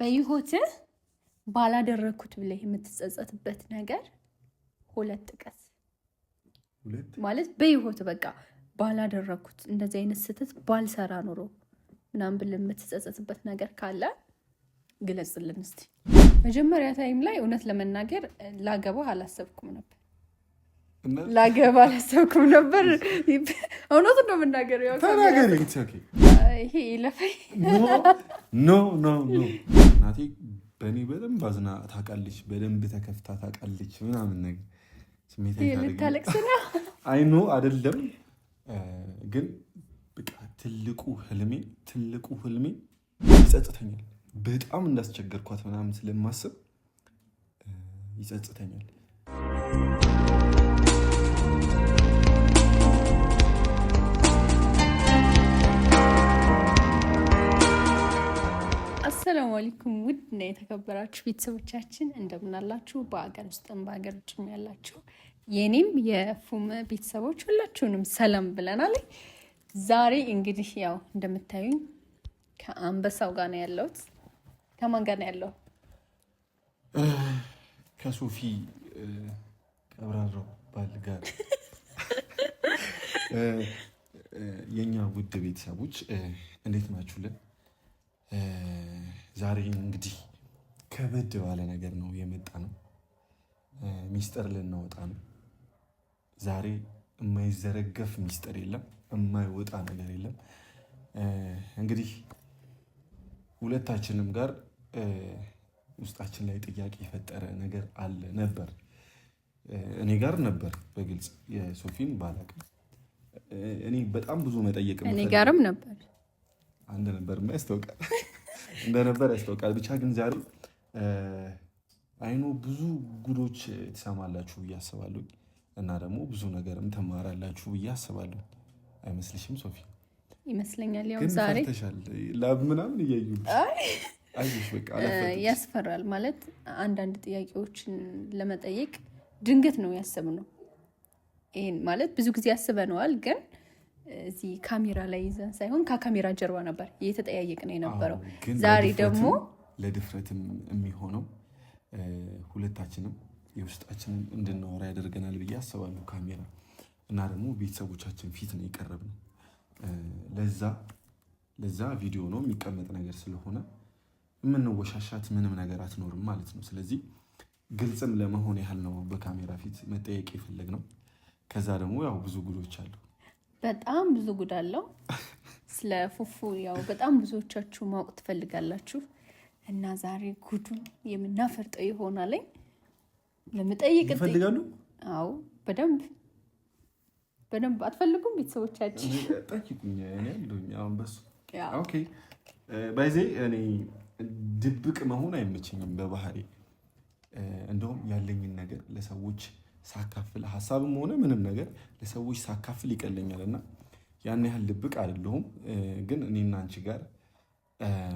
በይሆት ባላደረግኩት ብለህ የምትጸጸትበት ነገር ሁለት ጥቀስ። ማለት በይሆት በቃ ባላደረግኩት እንደዚህ አይነት ስህተት ባልሰራ ኑሮ ምናምን ብለህ የምትጸጸትበት ነገር ካለ ግለጽልን እስኪ መጀመሪያ ታይም ላይ እውነት ለመናገር ላገባህ አላሰብኩም ነበር ላገባ አላሰብኩም ነበር። እውነት ነው የምናገር ይሄ ይለፈኝ። ኖ ኖ ኖ እናቴ በእኔ በደንብ አዝና ታውቃለች፣ በደንብ ተከፍታ ታውቃለች። ምናምን ነገር ስሜታልታለቅስ ነው አይኖ አይደለም ግን በቃ ትልቁ ህልሜ ትልቁ ህልሜ ይጸጽተኛል። በጣም እንዳስቸገርኳት ምናምን ስለማስብ ይጸጽተኛል። አለይኩም ውድ እና የተከበራችሁ ቤተሰቦቻችን እንደምናላችሁ፣ በሀገር ውስጥም በሀገር ውጭም ያላችሁ የኔም የፉም ቤተሰቦች ሁላችሁንም ሰላም ብለናል። ዛሬ እንግዲህ ያው እንደምታዩኝ ከአንበሳው ጋር ነው ያለሁት። ከማን ጋር ነው ያለው? ከሶፊ ቀብራሮ ባል ጋር የእኛ ውድ ቤተሰቦች እንዴት ናችሁልን? ዛሬ እንግዲህ ከበድ ባለ ነገር ነው የመጣ ነው። ሚስጥር ልናወጣ ነው ዛሬ። የማይዘረገፍ ሚስጥር የለም፣ የማይወጣ ነገር የለም። እንግዲህ ሁለታችንም ጋር ውስጣችን ላይ ጥያቄ የፈጠረ ነገር አለ ነበር። እኔ ጋር ነበር በግልጽ የሶፊን ባላቅም እኔ በጣም ብዙ መጠየቅ እኔ ጋርም ነበር አንድ ነበር ያስታውቃል፣ እንደነበር ያስታውቃል። ብቻ ግን ዛሬ አይኖ ብዙ ጉዶች ትሰማላችሁ ብዬ አስባለሁ እና ደግሞ ብዙ ነገርም ትማራላችሁ ብዬ አስባለሁ። አይመስልሽም ሶፊ? ይመስለኛል። ያው ዛሬ ላብ ምናምን እያዩ ያስፈራል ማለት አንዳንድ ጥያቄዎችን ለመጠየቅ ድንገት ነው ያሰብነው። ይህን ማለት ብዙ ጊዜ ያስበነዋል ግን እዚህ ካሜራ ላይ ይዘን ሳይሆን ከካሜራ ጀርባ ነበር እየተጠያየቅ ነው የነበረው። ዛሬ ደግሞ ለድፍረትም የሚሆነው ሁለታችንም የውስጣችንን እንድናወራ ያደርገናል ብዬ አስባለሁ። ካሜራ እና ደግሞ ቤተሰቦቻችን ፊት ነው የቀረብነው። ለዛ ለዛ ቪዲዮ ነው የሚቀመጥ ነገር ስለሆነ የምንወሻሻት ምንም ነገር አትኖርም ማለት ነው። ስለዚህ ግልጽም ለመሆን ያህል ነው በካሜራ ፊት መጠየቅ የፈለግ ነው። ከዛ ደግሞ ያው ብዙ ጉዶች አሉ በጣም ብዙ ጉድ አለው። ስለ ፉፉ ያው በጣም ብዙዎቻችሁ ማወቅ ትፈልጋላችሁ እና ዛሬ ጉዱን የምናፈርጠው ይሆናል። ለምጠይቅ ይፈልጋሉ። አዎ በደንብ በደንብ አትፈልጉም? ቤተሰቦቻችን ባይዜ እኔ ድብቅ መሆን አይመቸኝም በባህሪ እንደውም ያለኝን ነገር ለሰዎች ሳካፍል ሀሳብም ሆነ ምንም ነገር ለሰዎች ሳካፍል ይቀለኛል እና ያን ያህል ልብቅ አይደለሁም። ግን እኔና አንቺ ጋር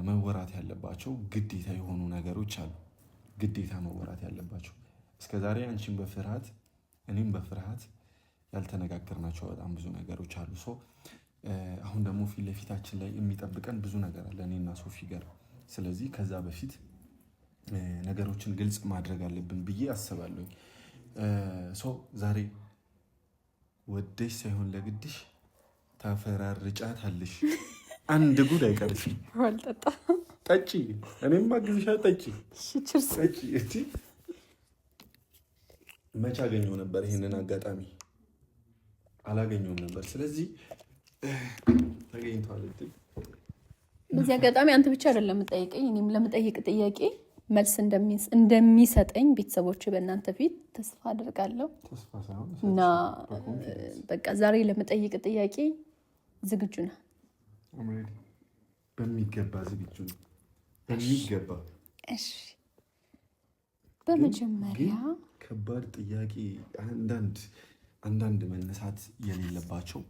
መወራት ያለባቸው ግዴታ የሆኑ ነገሮች አሉ። ግዴታ መወራት ያለባቸው እስከዛሬ አንቺን በፍርሃት እኔም በፍርሃት ያልተነጋገርናቸው በጣም ብዙ ነገሮች አሉ። ሶ አሁን ደግሞ ፊት ለፊታችን ላይ የሚጠብቀን ብዙ ነገር አለ እኔና ሶፊ ጋር። ስለዚህ ከዛ በፊት ነገሮችን ግልጽ ማድረግ አለብን ብዬ አስባለሁኝ። ሰው ዛሬ ወደሽ ሳይሆን ለግድሽ ታፈራርጫት አለሽ። አንድ ጉድ አይቀርሽ። አልጠጣ ጠጪ፣ እኔም አግዝሻ ጠጪ። መቼ አገኘው ነበር ይሄንን አጋጣሚ? አላገኘውም ነበር። ስለዚህ ተገኝቷል። በዚህ አጋጣሚ አንተ ብቻ አይደለም የምጠይቀኝ፣ እኔም ለምጠይቅ ጥያቄ መልስ እንደሚሰጠኝ ቤተሰቦች በእናንተ ፊት ተስፋ አድርጋለሁ። እና በቃ ዛሬ ለመጠይቅ ጥያቄ ዝግጁ ነ በሚገባ ዝግጁ ነው። በሚገባ እሺ። በመጀመሪያ ከባድ ጥያቄ አንዳንድ አንዳንድ መነሳት የሌለባቸው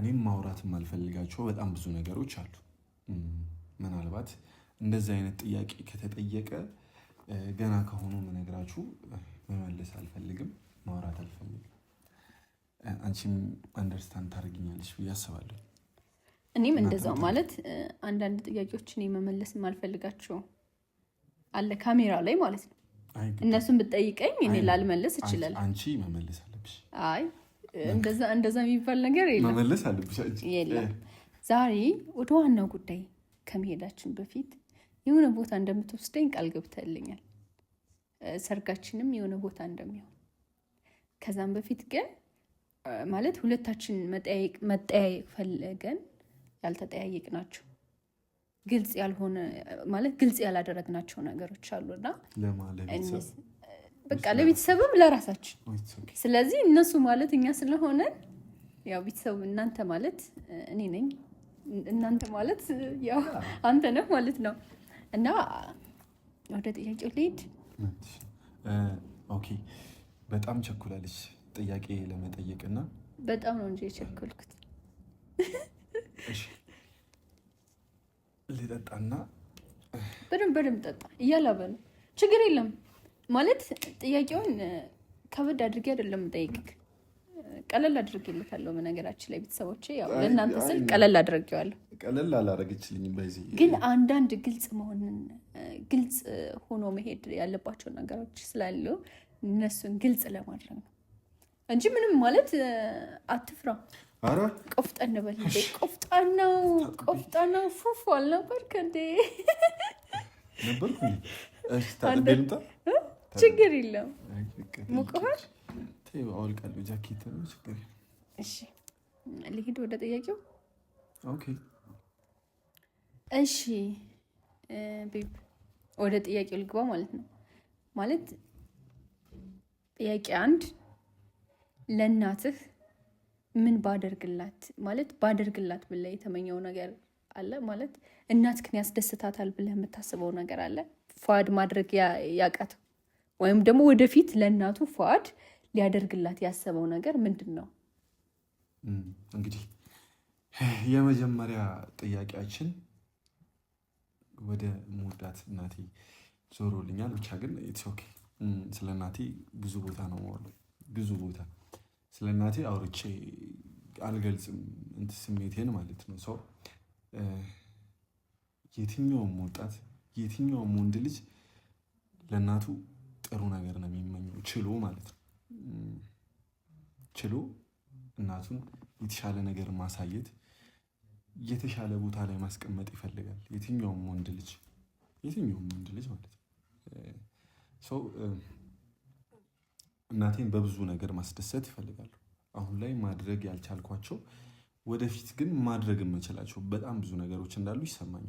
እኔም ማውራት የማልፈልጋቸው በጣም ብዙ ነገሮች አሉ ምናልባት እንደዚህ አይነት ጥያቄ ከተጠየቀ ገና ከሆኑ ምነግራችሁ መመለስ አልፈልግም፣ ማውራት አልፈልግም። አንቺም አንደርስታንድ ታደርግኛለች ብዬ አስባለሁ። እኔም እንደዛው ማለት አንዳንድ ጥያቄዎች እኔ መመለስ የማልፈልጋቸው አለ ካሜራ ላይ ማለት ነው። እነሱን ብጠይቀኝ እኔ ላልመለስ እችላለሁ። አንቺ መመለስ አለብሽ። አይ እንደዛ የሚባል ነገር የለም፣ መመለስ አለብሽ የለም። ዛሬ ወደ ዋናው ጉዳይ ከመሄዳችን በፊት የሆነ ቦታ እንደምትወስደኝ ቃል ገብተልኛል። ሰርጋችንም የሆነ ቦታ እንደሚሆን ከዛም በፊት ግን ማለት ሁለታችን መጠያየቅ ፈለገን ያልተጠያየቅ ናቸው። ግልጽ ያልሆነ ማለት ግልጽ ያላደረግናቸው ነገሮች አሉና በቃ ለቤተሰብም ለራሳችን። oh, ስለዚህ እነሱ ማለት እኛ ስለሆነን ያው ቤተሰብ እናንተ ማለት እኔ ነኝ፣ እናንተ ማለት ያው አንተ ነህ ማለት ነው። እና ወደ ጥያቄው ልሄድ። ኦኬ በጣም ቸኩላለች ጥያቄ ለመጠየቅ እና በጣም ነው እንጂ የቸኮልኩት። ልጠጣና በደንብ በደንብ ጠጣ እያላበ ችግር የለም ማለት ጥያቄውን ከበድ አድርጌ አይደለም ጠይቅክ ቀለል አድርጌለታለሁ። በነገራችን ላይ ቤተሰቦቼ ያው ለእናንተ ስል ቀለል አድርጌዋለሁ። ቀለል አላረገችልኝም። በዚህ ግን አንዳንድ ግልጽ መሆንን ግልጽ ሆኖ መሄድ ያለባቸው ነገሮች ስላሉ እነሱን ግልጽ ለማድረግ ነው እንጂ ምንም ማለት አትፍራ። ቆፍጠን በል ነው ቆፍጣ ነው ፉፉ አልነበርክ እንዴ? ነበርኩ። ችግር የለም ሙቅሃል አወልቃለሁ። ጃኬት ነው ችግር። እሺ ልሂድ ወደ ጥያቄው። ኦኬ እሺ ቤብ ወደ ጥያቄው ልግባ ማለት ነው። ማለት ጥያቄ አንድ ለእናትህ ምን ባደርግላት ማለት ባደርግላት ብለህ የተመኘው ነገር አለ? ማለት እናትህን ያስደስታታል ብለህ የምታስበው ነገር አለ? ፏድ ማድረግ ያቃተው ወይም ደግሞ ወደፊት ለእናቱ ፏድ ሊያደርግላት ያሰበው ነገር ምንድን ነው? እንግዲህ የመጀመሪያ ጥያቄያችን ወደ መወዳት እናቴ ዞሮልኛል። ብቻ ግን ኢትስ ኦኬ። ስለ እናቴ ብዙ ቦታ ነው ብዙ ቦታ ስለ እናቴ አውርቼ አልገልጽም፣ እንትን ስሜቴን ማለት ነው። ሰው የትኛውም ወጣት የትኛውም ወንድ ልጅ ለእናቱ ጥሩ ነገር ነው የሚመኘው ችሎ ማለት ነው። ችሎ እናቱን የተሻለ ነገር ማሳየት የተሻለ ቦታ ላይ ማስቀመጥ ይፈልጋል። የትኛውም ወንድ ልጅ የትኛውም ወንድ ልጅ ማለት ነው። ሰው እናቴን በብዙ ነገር ማስደሰት ይፈልጋሉ። አሁን ላይ ማድረግ ያልቻልኳቸው ወደፊት ግን ማድረግ የምችላቸው በጣም ብዙ ነገሮች እንዳሉ ይሰማኛል።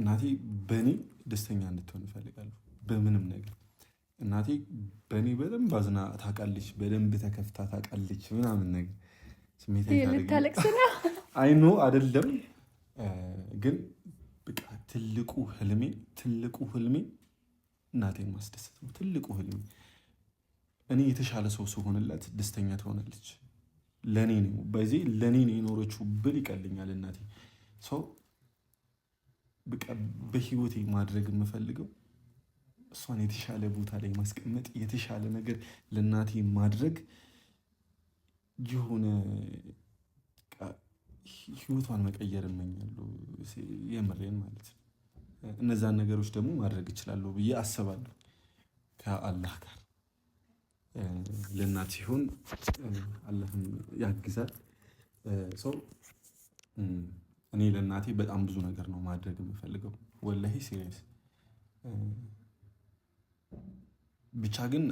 እናቴ በእኔ ደስተኛ እንድትሆን እፈልጋለሁ። በምንም ነገር እናቴ በእኔ በደንብ አዝና ታውቃለች፣ በደንብ ተከፍታ ታውቃለች ምናምን ነገር ስሜታለቅስ ነው አይኖ አይደለም። ግን በቃ ትልቁ ህልሜ ትልቁ ህልሜ እናቴን ማስደሰት ነው። ትልቁ ህልሜ እኔ የተሻለ ሰው ስሆንላት ደስተኛ ትሆናለች። ለእኔ ነው በዚህ ለእኔ ነው የኖረችው ብል ይቀልኛል እናቴ ሰው በህይወቴ ማድረግ የምፈልገው እሷን የተሻለ ቦታ ላይ ማስቀመጥ፣ የተሻለ ነገር ለእናቴ ማድረግ የሆነ ህይወቷን መቀየር እመኛለሁ። የምሬን ማለት ነው። እነዛን ነገሮች ደግሞ ማድረግ እችላለሁ ብዬ አስባለሁ ከአላህ ጋር ለእናት ሲሆን አላህም ያግዛል ሰው እኔ ለእናቴ በጣም ብዙ ነገር ነው ማድረግ የምፈልገው። ወላሂ ሲሪየስ ብቻ ግን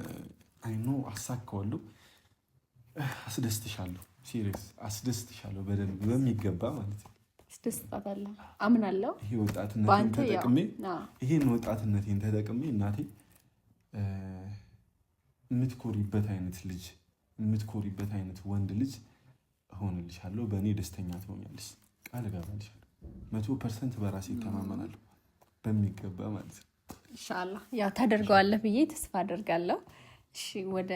አይኖ አሳካዋለሁ፣ አስደስትሻለሁ። ሲሪየስ አስደስትሻለሁ፣ በደንብ በሚገባ ማለት ነው። አስደስታታለሁ፣ አምናለሁ። ይሄ ወጣትነቴን ተጠቅሜ ይሄን ወጣትነቴን ተጠቅሜ እናቴ የምትኮሪበት አይነት ልጅ የምትኮሪበት አይነት ወንድ ልጅ እሆንልሻለሁ። በእኔ ደስተኛ ትሆኛለች። ቃል እገባልሻለሁ። መቶ ፐርሰንት በራሴ ይተማመናለሁ በሚገባ ማለት ነው። ኢንሻላህ ያው ታደርገዋለህ ብዬ ተስፋ አደርጋለሁ። እሺ ወደ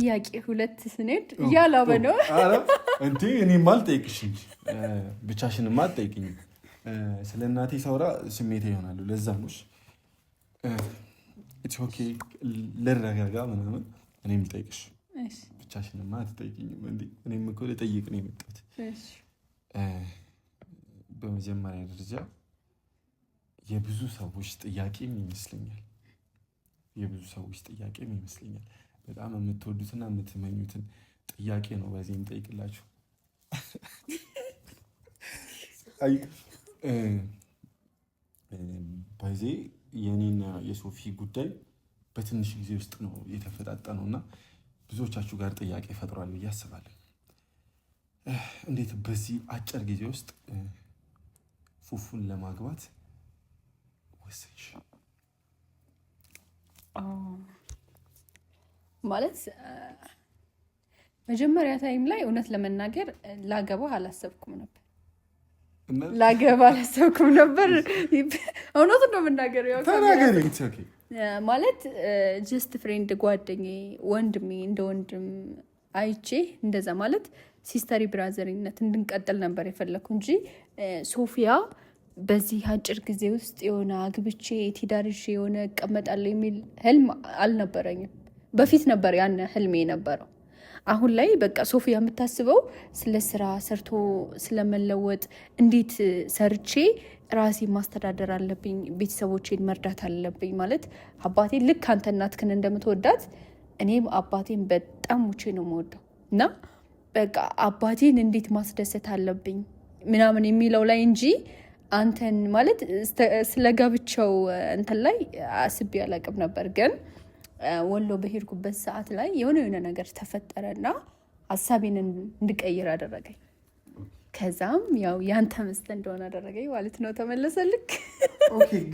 ጥያቄ ሁለት ስንሄድ እያላበ ነው እንዲ እኔማ አልጠይቅሽም፣ ብቻሽንማ አልጠይቅኝም። ስለ እናቴ ሳውራ ስሜቴ ይሆናሉ። ለዛ ነው ኦኬ ልረጋጋ ምናምን እኔም ልጠይቅሽ ብቻሽንማ አትጠይቅኝም። እኔም እኮ ልጠይቅ ነው የመጣሁት በመጀመሪያ ደረጃ የብዙ ሰዎች ጥያቄም ይመስለኛል የብዙ ሰዎች ጥያቄም ይመስለኛል። በጣም የምትወዱትና የምትመኙትን ጥያቄ ነው በዚህ የምጠይቅላችሁ። በዚህ የኔና የሶፊ ጉዳይ በትንሽ ጊዜ ውስጥ ነው የተፈጣጠነው እና ብዙዎቻችሁ ጋር ጥያቄ ፈጥሯል ብዬ አስባለሁ። እንዴት በዚህ አጭር ጊዜ ውስጥ ፉፉን ለማግባት ወሰንሽ? ማለት መጀመሪያ ታይም ላይ እውነት ለመናገር ላገባ አላሰብኩም ነበር ላገባ አላሰብኩም ነበር። እውነቱን ነው የምናገር። ማለት ጀስት ፍሬንድ ጓደኛ፣ ወንድሜ እንደ ወንድም አይቼ እንደዛ ማለት ሲስተሪ ብራዘሪነት እንድንቀጥል ነበር የፈለግኩ እንጂ ሶፊያ በዚህ አጭር ጊዜ ውስጥ የሆነ አግብቼ የቲዳርሽ የሆነ እቀመጣለሁ የሚል ህልም አልነበረኝም። በፊት ነበር ያን ህልሜ የነበረው። አሁን ላይ በቃ ሶፊያ የምታስበው ስለ ስራ ሰርቶ ስለመለወጥ፣ እንዴት ሰርቼ ራሴ ማስተዳደር አለብኝ፣ ቤተሰቦቼን መርዳት አለብኝ። ማለት አባቴ ልክ አንተ እናትክን እንደምትወዳት እኔም አባቴን በጣም ውቼ ነው የምወደው እና በቃ አባቴን እንዴት ማስደሰት አለብኝ ምናምን የሚለው ላይ እንጂ አንተን ማለት ስለ ጋብቻው እንትን ላይ አስቤ አላቅም ነበር። ግን ወሎ በሄድኩበት ሰዓት ላይ የሆነ የሆነ ነገር ተፈጠረና ሀሳቤን እንድቀይር አደረገኝ። ከዛም ያው ያንተ መስተ እንደሆነ አደረገኝ ማለት ነው። ተመለሰልክ።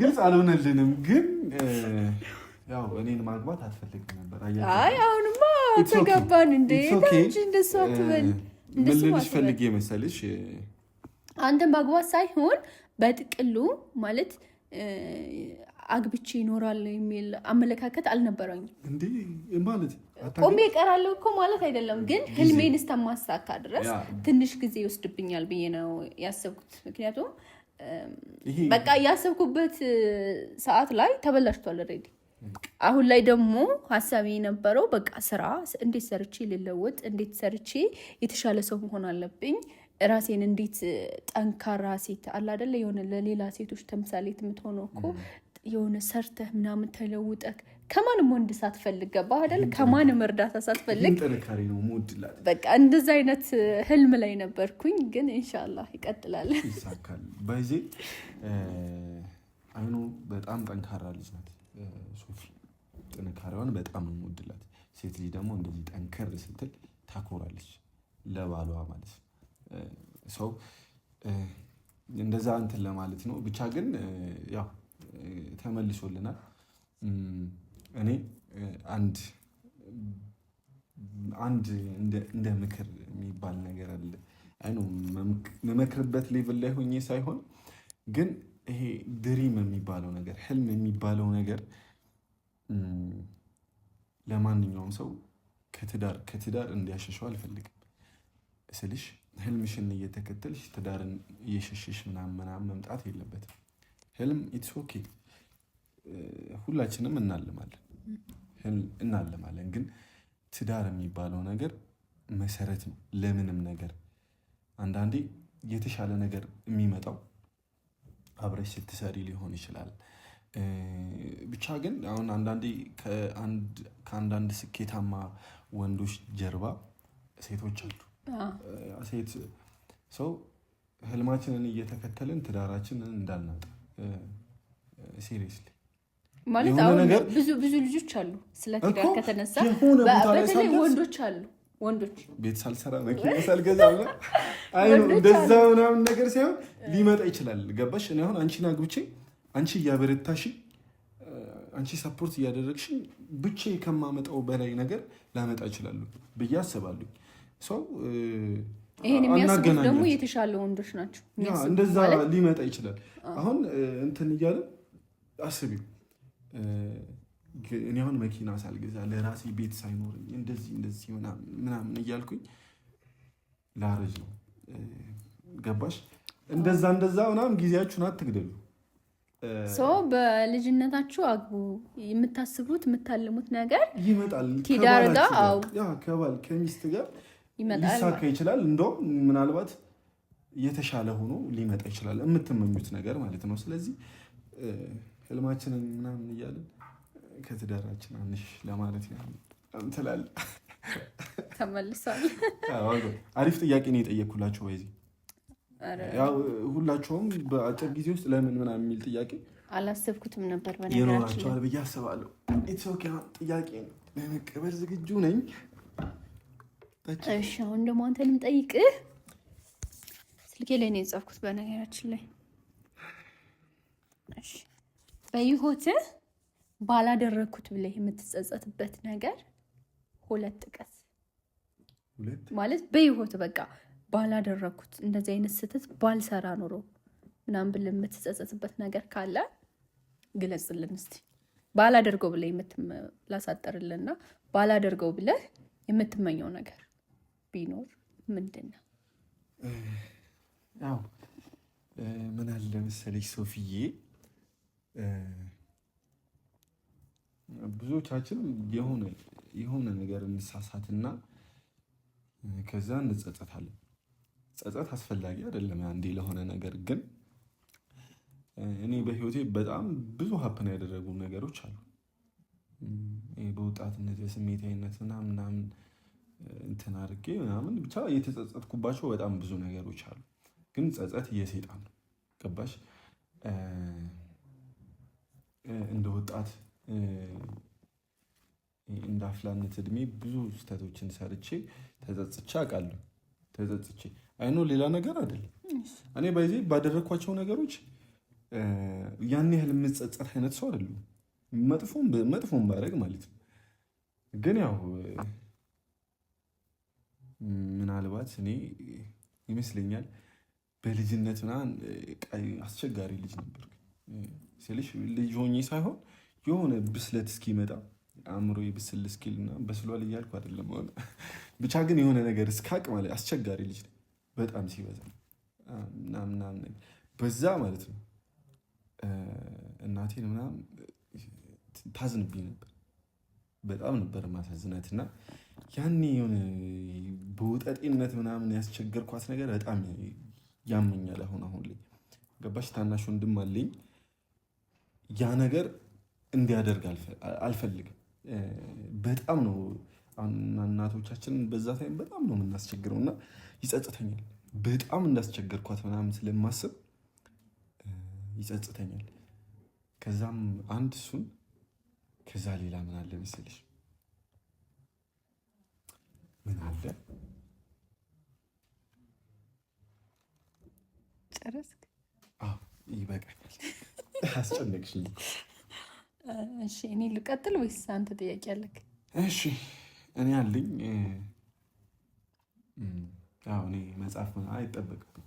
ግልጽ አልሆነልንም፣ ግን ያው እኔን ማግባት አትፈልግም ነበር። አይ አሁንማ ተጋባን እንዴ! እንደሱ አትበል። ምን ልልሽ ፈልጌ መሰልሽ አንተን በአግባት ሳይሆን በጥቅሉ ማለት አግብቼ ይኖራል የሚል አመለካከት አልነበረኝም። እንዴ ማለት ቆሜ እቀራለሁ እኮ ማለት አይደለም፣ ግን ህልሜን እስከማሳካ ድረስ ትንሽ ጊዜ ይወስድብኛል ብዬ ነው ያሰብኩት። ምክንያቱም በቃ ያሰብኩበት ሰዓት ላይ ተበላሽቷል ኦልሬዲ። አሁን ላይ ደግሞ ሀሳቢ የነበረው በቃ ስራ እንዴት ሰርቼ ልለወጥ፣ እንዴት ሰርቼ የተሻለ ሰው መሆን አለብኝ ራሴን እንዴት ጠንካራ ሴት አላደለ የሆነ ለሌላ ሴቶች ተምሳሌት የምትሆነው እኮ የሆነ ሰርተህ ምናምን ተለውጠህ ከማንም ወንድ ሳትፈልግ ገባ አይደል? ከማንም እርዳታ ሳትፈልግ በቃ እንደዚ አይነት ህልም ላይ ነበርኩኝ። ግን እንሻላ ይቀጥላል፣ ይሳካል። ባይዜ አይኑ በጣም ጠንካራ ልጅ ናት ሶፊ። ጥንካሬዋን በጣም የምወድላት ሴት ልጅ ደግሞ እንደዚህ ጠንከር ስትል ታኮራለች፣ ለባሏ ማለት ነው ሰው እንደዛ እንትን ለማለት ነው። ብቻ ግን ያው ተመልሶልናል። እኔ አንድ አንድ እንደ ምክር የሚባል ነገር አለ አይ መመክርበት ሌቭል ላይ ሆኜ ሳይሆን ግን ይሄ ድሪም የሚባለው ነገር ህልም የሚባለው ነገር ለማንኛውም ሰው ከትዳር ከትዳር እንዲያሸሸው አልፈልግም ስልሽ ህልምሽን እየተከተልሽ ትዳርን እየሸሸሽ ምናምን ምናምን መምጣት የለበትም። ህልም ኢትስ ኦኬ፣ ሁላችንም እናልማለን እናልማለን። ግን ትዳር የሚባለው ነገር መሰረት ነው ለምንም ነገር። አንዳንዴ የተሻለ ነገር የሚመጣው አብረሽ ስትሰሪ ሊሆን ይችላል። ብቻ ግን አሁን አንዳንዴ ከአንዳንድ ስኬታማ ወንዶች ጀርባ ሴቶች አሉ። ሴት ሰው ህልማችንን እየተከተልን ትዳራችንን እንዳልናጣ ሲሪየስሊ ማለት አሁን ብዙ ብዙ ልጆች አሉ። ስለ ትዳር ከተነሳ በተለይ ወንዶች አሉ ወንዶች ቤት ሳልሰራ መኪና ሳልገዛ እንደዛ ምናምን ነገር ሳይሆን ሊመጣ ይችላል። ገባሽ? እኔ አሁን አንቺን አግብቼ አንቺ እያበረታሽ አንቺ ሰፖርት እያደረግሽ ብቼ ከማመጣው በላይ ነገር ላመጣ ይችላሉ ብዬ አስባለሁ። ሰው ይሄን የሚያስቡት ደግሞ የተሻለ ወንዶች ናቸው። እንደዛ ሊመጣ ይችላል። አሁን እንትን እያለ አስቢው። እኔ አሁን መኪና ሳልገዛ ለራሴ ቤት ሳይኖርኝ እንደዚህ እንደዚህ ምናምን እያልኩኝ ላረጅ ነው። ገባሽ? እንደዛ እንደዛ ምናምን ጊዜያችሁን አትግደሉ። ሰው በልጅነታችሁ አግቡ። የምታስቡት የምታልሙት ነገር ይመጣል። ትዳር ከባል ከሚስት ጋር ሊሳካ ይችላል። እንደውም ምናልባት የተሻለ ሆኖ ሊመጣ ይችላል የምትመኙት ነገር ማለት ነው። ስለዚህ ህልማችንን ምናምን እያለን ከትዳራችን አንሽ ለማለት ትላል ተመልሷል። አሪፍ ጥያቄ ነው የጠየኩላቸው። ወይዚ ሁላቸውም በአጭር ጊዜ ውስጥ ለምን ምናምን የሚል ጥያቄ አላሰብኩትም ነበር። ይኖራቸዋል ብዬ አስባለሁ። ኢትዮጵያ ጥያቄ ለመቀበል ዝግጁ ነኝ። እሺ አሁን ደግሞ አንተንም ጠይቅ። ስልኬ ላይ ነው የጻፍኩት በነገራችን ላይ በይሆት ባላደረግኩት ብለህ የምትጸጸትበት ነገር ሁለት ጥቀስ ማለት በይሆት በቃ ባላደረግኩት እንደዚህ አይነት ስህተት ባልሰራ ኑሮ ምናምን ብለህ የምትጸጸትበት ነገር ካለ ግለጽልን እስኪ። ባላደርገው ብለህ ላሳጠርልና ባላደርገው ብለህ የምትመኘው ነገር ቢኖር ምንድን ነው? ያው ምን አለ መሰለሽ ሶፊዬ፣ ብዙዎቻችን የሆነ የሆነ ነገር እንሳሳትና ከዛ እንጸጸታለን። ጸጸት አስፈላጊ አይደለም አንዴ ለሆነ ነገር ግን እኔ በህይወቴ በጣም ብዙ ሀፕን ያደረጉ ነገሮች አሉ። በወጣትነት በስሜታዊነት ምናምን ምናምን እንትን አድርጌ ምናምን ብቻ የተጸጸትኩባቸው በጣም ብዙ ነገሮች አሉ። ግን ጸጸት የሴጣን ገባሽ? እንደ ወጣት እንደ አፍላነት እድሜ ብዙ ስህተቶችን ሰርቼ ተጸጽቼ አውቃለሁ። ተጸጽቼ አይኖ ሌላ ነገር አይደለም። እኔ በዚህ ባደረግኳቸው ነገሮች ያን ያህል የምጸጸት አይነት ሰው አይደለም። መጥፎም ባረግ ማለት ነው ግን ያው ምናልባት እኔ ይመስለኛል በልጅነት ምናምን አስቸጋሪ ልጅ ነበር ስልሽ ልጅ ሆኜ ሳይሆን የሆነ ብስለት እስኪመጣ አእምሮ የብስል እስኪል እና በስሏል እያልኩ አይደለም። ሆነ ብቻ ግን የሆነ ነገር እስካቅ ማለት አስቸጋሪ ልጅ ነው በጣም ሲበዛ ምናምናምን በዛ ማለት ነው። እናቴን ምናምን ታዝንብኝ ነበር፣ በጣም ነበር ማሳዝናት እና ያኔ የሆነ በወጠጤነት ምናምን ያስቸገርኳት ነገር በጣም ያመኛል። አሁን አሁን ላይ ገባሽ። ታናሽ ወንድም አለኝ። ያ ነገር እንዲያደርግ አልፈልግም። በጣም ነው እናቶቻችንን በዛ ታይም በጣም ነው የምናስቸግረው እና ይጸጽተኛል። በጣም እንዳስቸገርኳት ምናምን ስለማስብ ይጸጽተኛል። ከዛም አንድ እሱን ከዛ ሌላ ምን አለ መሰለሽ ምን አለ ጨረስክ? ይበቃል። አስጨነቅሽኝ። እሺ እኔ ልቀጥል ወይስ አንተ ጥያቄ አለክ? እሺ እኔ አለኝ። አዎ እኔ መጽሐፍ አይጠበቅብኝ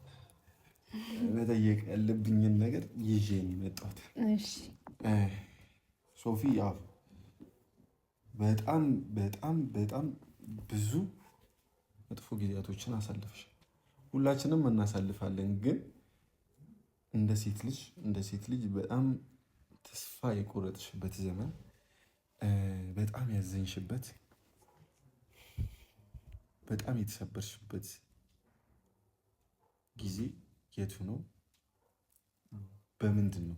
መጠየቅ ያለብኝን ነገር ይዤ የመጣሁት ሶፊ፣ ያው በጣም በጣም በጣም ብዙ መጥፎ ጊዜያቶችን አሳልፈሽ ሁላችንም እናሳልፋለን። ግን እንደ ሴት ልጅ እንደ ሴት ልጅ በጣም ተስፋ የቆረጥሽበት ዘመን፣ በጣም ያዘንሽበት፣ በጣም የተሰበርሽበት ጊዜ የቱ ነው? በምንድን ነው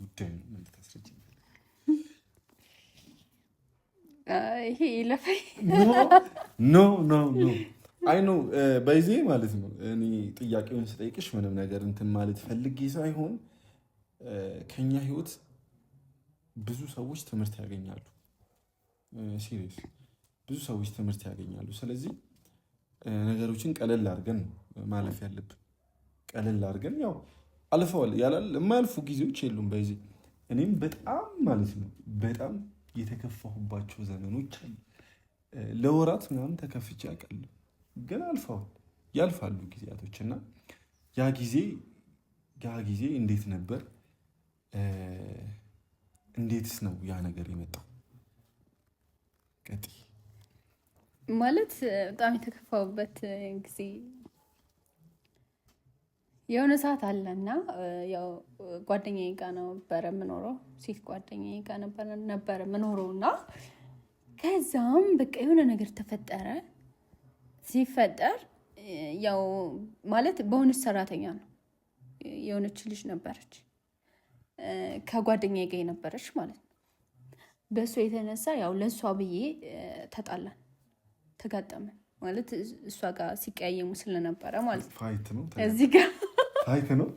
ጉዳዩ? ምን ልታስረጅ ይሄ ይለፈኝ። ኖ ኖ ኖ አይ ኖ በዚህ ማለት ነው። እኔ ጥያቄውን ስጠይቅሽ ምንም ነገር እንትን ማለት ፈልጌ ሳይሆን ከኛ ህይወት ብዙ ሰዎች ትምህርት ያገኛሉ። ሲሪየስ ብዙ ሰዎች ትምህርት ያገኛሉ። ስለዚህ ነገሮችን ቀለል አድርገን ማለፍ ያለብን ቀለል አድርገን ያው አልፈዋል። ያላል የማያልፉ ጊዜዎች የሉም። በዚህ እኔም በጣም ማለት ነው በጣም የተከፋሁባቸው ዘመኖች ለወራት ምናምን ተከፍቼ አውቃለሁ። ግን አልፈዋል፣ ያልፋሉ ጊዜያቶች እና ያ ጊዜ ያ ጊዜ እንዴት ነበር? እንዴትስ ነው ያ ነገር የመጣው? ቀጥ ማለት በጣም የተከፋሁበት ጊዜ የሆነ ሰዓት አለና ያው ጓደኛ ጋ ነበረ የምኖረው ሴት ጓደኛ ጋ ነበረ የምኖረው እና ከዛም በቃ የሆነ ነገር ተፈጠረ። ሲፈጠር ያው ማለት በሆነች ሰራተኛ ነው የሆነች ልጅ ነበረች ከጓደኛ ጋ የነበረች ማለት ነው። በእሷ የተነሳ ያው ለእሷ ብዬ ተጣላን፣ ተጋጠመን ማለት እሷ ጋር ሲቀያየሙ ስለነበረ ማለት ነው እዚህ ጋር አይተ ነው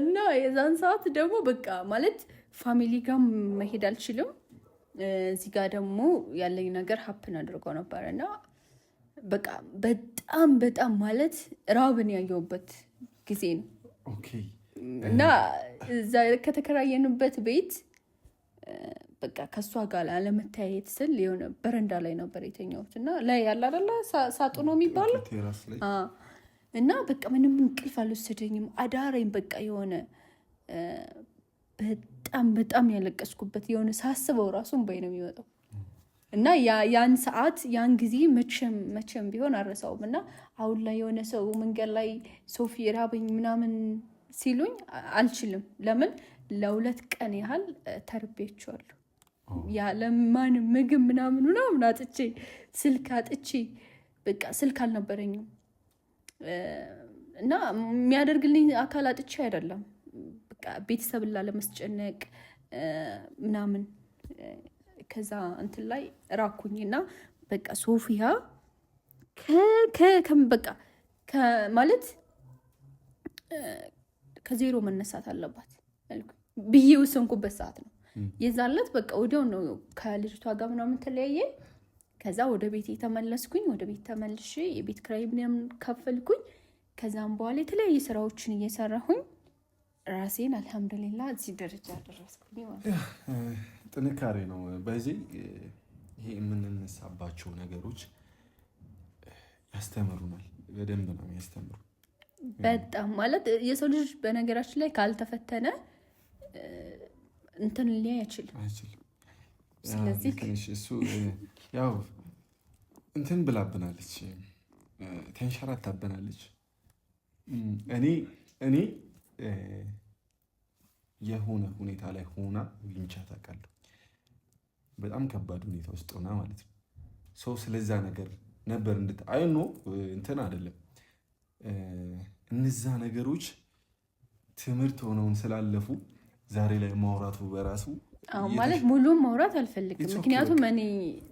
እና የዛን ሰዓት ደግሞ በቃ ማለት ፋሚሊ ጋር መሄድ አልችልም። እዚህ ጋር ደግሞ ያለኝ ነገር ሀፕን አድርጎ ነበር እና በቃ በጣም በጣም ማለት ራብን ያየውበት ጊዜ ነው እና እዛ ከተከራየንበት ቤት በቃ ከእሷ ጋር አለመተያየት ስል የሆነ በረንዳ ላይ ነበር የተኛሁት እና ላይ ያለ አይደለ ሳጡ ነው የሚባለው እና በቃ ምንም እንቅልፍ አልወሰደኝም። አዳረኝ በቃ የሆነ በጣም በጣም ያለቀስኩበት የሆነ ሳስበው ራሱ እንባይ ነው የሚወጣው። እና ያን ሰዓት ያን ጊዜ መቼም ቢሆን አረሳውም። እና አሁን ላይ የሆነ ሰው መንገድ ላይ ሶፊ ራበኝ ምናምን ሲሉኝ አልችልም። ለምን ለሁለት ቀን ያህል ተርቤያቸዋለሁ። ያለማንም ምግብ ምናምን ምናምን አጥቼ ስልክ አጥቼ በቃ ስልክ አልነበረኝም። እና የሚያደርግልኝ አካል አጥቼ አይደለም። በቃ ቤተሰብን ላለመስጨነቅ ምናምን ከዛ እንትን ላይ ራኩኝ እና በቃ ሶፊያ በቃ ማለት ከዜሮ መነሳት አለባት ብዬ ውስንኩበት ሰዓት ነው የዛን ዕለት። በቃ ወዲያው ነው ከልጅቷ ጋር ምናምን ተለያየ። ከዛ ወደ ቤት የተመለስኩኝ ወደ ቤት ተመልሼ የቤት ክራይ ምናምን ከፈልኩኝ። ከዛም በኋላ የተለያዩ ስራዎችን እየሰራሁኝ ራሴን አልሐምዱሊላ እዚህ ደረጃ ደረስኩኝ ማለት ነው። ጥንካሬ ነው። በዚህ ይሄ የምንነሳባቸው ነገሮች ያስተምሩናል። በደንብ ነው ያስተምሩ። በጣም ማለት የሰው ልጅ በነገራችን ላይ ካልተፈተነ እንትን ሊያ አይችልም። ስለዚህ ያው እንትን ብላብናለች፣ ተንሸራታብናለች። እኔ እኔ የሆነ ሁኔታ ላይ ሆና አግኝቻት አውቃለሁ። በጣም ከባድ ሁኔታ ውስጥ ሆና ማለት ነው። ሰው ስለዛ ነገር ነበር እንድት አይኖ እንትን አይደለም። እነዛ ነገሮች ትምህርት ሆነውን ስላለፉ ዛሬ ላይ ማውራቱ በራሱ ማለት ሙሉም ማውራት አልፈልግም፣ ምክንያቱም እኔ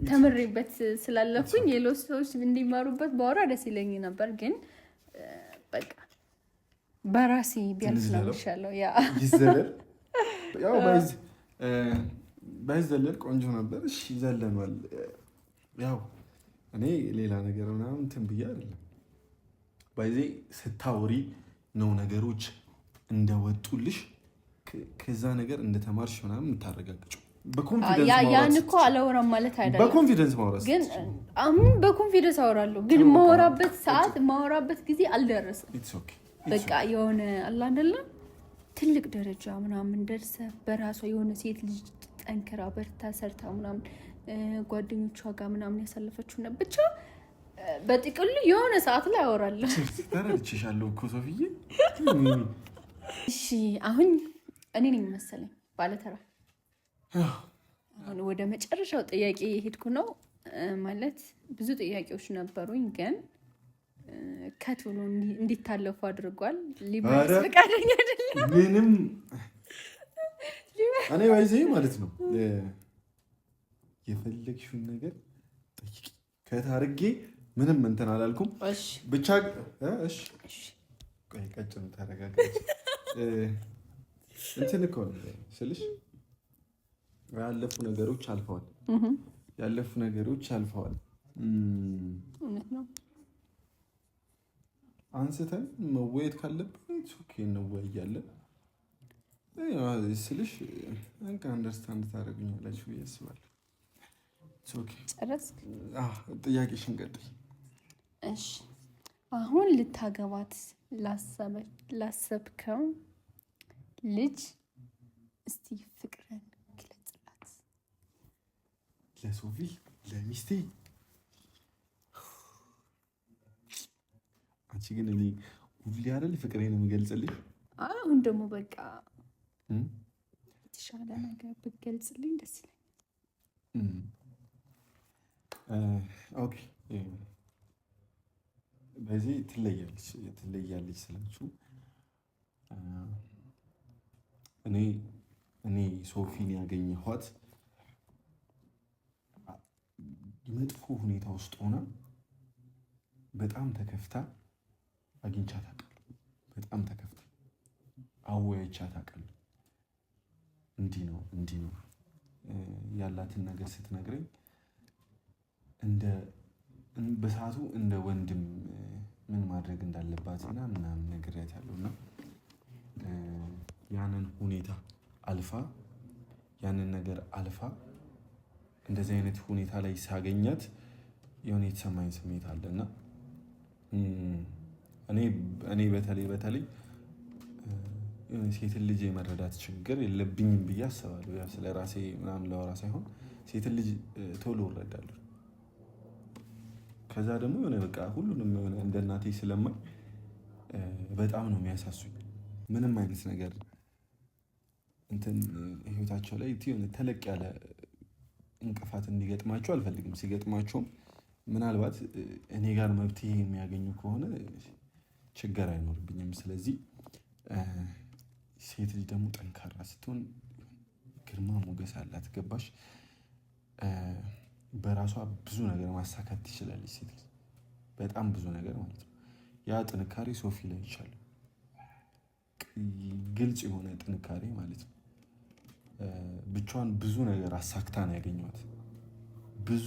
ተምሬበት ስላለኩኝ የሎስ ሰዎች እንዲማሩበት ባወራ ደስ ይለኝ ነበር፣ ግን በቃ በራሴ ቢያልፍ ነው የሚሻለው። ያው ባይዘለል ቆንጆ ነበር። እሺ ይዘለናል። ያው እኔ ሌላ ነገር ምናምን እንትን ብዬ አይደለም ባይዜ ስታወሪ ነው ነገሮች እንደወጡልሽ ከዛ ነገር እንደተማርሽ ምናምን የምታረጋግጭው ያን እኮ አላወራም ማለት አይደለም። በኮንፊደንስ ማውራት ግን አሁን በኮንፊደንስ አወራለሁ፣ ግን ማወራበት ሰዓት ማወራበት ጊዜ አልደረሰም። በቃ የሆነ አላንደለም ትልቅ ደረጃ ምናምን ደርሰ በራሷ የሆነ ሴት ልጅ ጠንክራ በርታ ሰርታ ምናምን ጓደኞቿ ጋር ምናምን ያሳለፈችው ነው። ብቻ በጥቅሉ የሆነ ሰዓት ላይ አወራለሁ። ተረድቼሻለሁ እኮ ሶፍዬ። እሺ አሁን እኔ ነኝ መሰለኝ ባለተራ። አሁን ወደ መጨረሻው ጥያቄ የሄድኩ ነው። ማለት ብዙ ጥያቄዎች ነበሩኝ ግን ከት ብሎ እንዲታለፉ አድርጓል። ሊበስ ፈቃደኛ አይደለም። ምንም እኔ ባይዘ ማለት ነው የፈለግሽውን ነገር ጠይቂ። ከት ምንም እንትን አላልኩም። ብቻ ቀጭን ተረጋጋች። እንትን እኮ ስልሽ ያለፉ ነገሮች አልፈዋል። ያለፉ ነገሮች አልፈዋል። አንስተን መወየት ካለብን ሱኬ እንወያያለን ስልሽ አንደርስታንድ ታደርጉኛላችሁ ብዬ አስባለሁ። ጥያቄሽን ቀጥይ። እሺ አሁን ልታገባት ላሰብከው ልጅ እስቲ ፍቅርን ግለጽላት። ለሶፊ ለሚስቴ አንቺ ግን እኔ ሁሌ አይደል ፍቅሬን የምገልጽልኝ። አሁን ደግሞ በቃ የተሻለ ነገር ብገልጽልኝ ደስ ይለኛል። ኦኬ በዚህ ትለያለች ትለያለች ስላችሁ እኔ እኔ ሶፊን ያገኘኋት መጥፎ ሁኔታ ውስጥ ሆና በጣም ተከፍታ አግኝቻት አውቃለሁ። በጣም ተከፍታ አወያይቻት አውቃለሁ። እንዲህ ነው እንዲህ ነው ያላትን ነገር ስትነግረኝ እንደ በሰዓቱ እንደ ወንድም ምን ማድረግ እንዳለባት እንዳለባትና ምናምን ነግሬያት ያለውና ያንን ሁኔታ አልፋ ያንን ነገር አልፋ እንደዚህ አይነት ሁኔታ ላይ ሳገኛት የሆነ የተሰማኝ ስሜት አለና እኔ በተለይ በተለይ ሴትን ልጅ የመረዳት ችግር የለብኝም ብዬ አስባለሁ። ያው ስለ ራሴ ምናምን ለወራ ሳይሆን ሴትን ልጅ ቶሎ እረዳለሁ። ከዛ ደግሞ የሆነ በቃ ሁሉንም የሆነ እንደ እናቴ ስለማይ በጣም ነው የሚያሳሱኝ። ምንም አይነት ነገር እንትን ህይወታቸው ላይ የሆነ ተለቅ ያለ እንቅፋት እንዲገጥማቸው አልፈልግም። ሲገጥማቸውም ምናልባት እኔ ጋር መብትሄ የሚያገኙ ከሆነ ችግር አይኖርብኝም። ስለዚህ ሴት ልጅ ደግሞ ጠንካራ ስትሆን ግርማ ሞገስ አላት። ገባሽ? በራሷ ብዙ ነገር ማሳካት ትችላለች። ሴት ልጅ በጣም ብዙ ነገር ማለት ነው። ያ ጥንካሬ ሶፊ ላይ ይቻላል። ግልጽ የሆነ ጥንካሬ ማለት ነው። ብቻዋን ብዙ ነገር አሳክታ ነው ያገኘት። ብዙ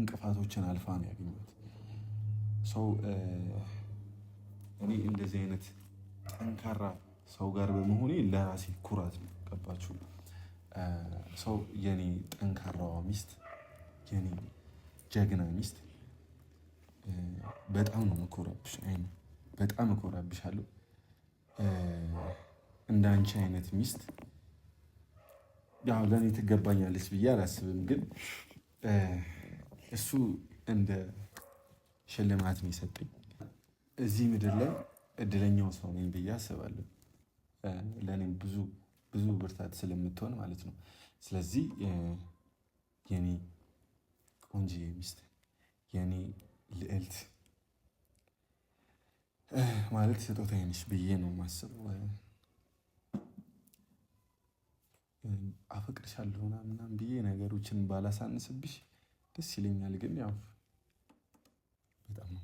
እንቅፋቶችን አልፋ ነው ያገኘት። ሰው እኔ እንደዚህ አይነት ጠንካራ ሰው ጋር በመሆኔ ለራሴ ኩራት ነው። ገባችሁ? ሰው የኔ ጠንካራዋ ሚስት፣ የኔ ጀግና ሚስት በጣም ነው መኮራብሽ። አይ በጣም መኮራብሻለሁ። እንደ አንቺ አይነት ሚስት ያው ለእኔ ትገባኛለች ብዬ አላስብም። ግን እሱ እንደ ሽልማት ነው የሰጠኝ። እዚህ ምድር ላይ እድለኛው ሰው ነኝ ብዬ አስባለሁ። ለእኔም ብዙ ብዙ ብርታት ስለምትሆን ማለት ነው። ስለዚህ የኔ ቆንጆ ሚስት፣ የኔ ልዕልት ማለት ስጦታ ነሽ ብዬ ነው የማስበው። አፈቅርሻለሁ ምናምን ብዬ ነገሮችን ባላሳንስብሽ ደስ ይለኛል። ግን ያው በጣም ነው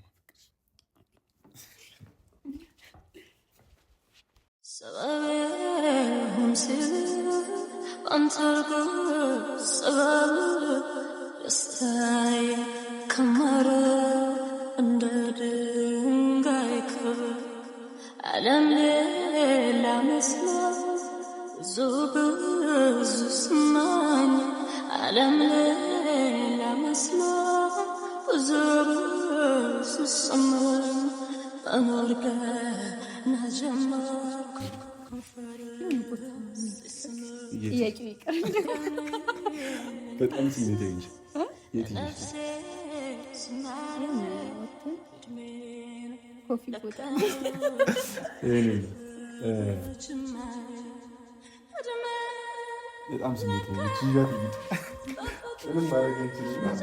እንደ ድንጋይ ክብር አለም ሌላ መስሎ ألم لما أسمع وزور السمر أمرك نجمك በጣም ስሜታዊ ነሽ። የት ነሽ? ኮፊ ቦታ በጣም ስሜት ሆነች። ይዣት ይግጥ ምንም ማረገች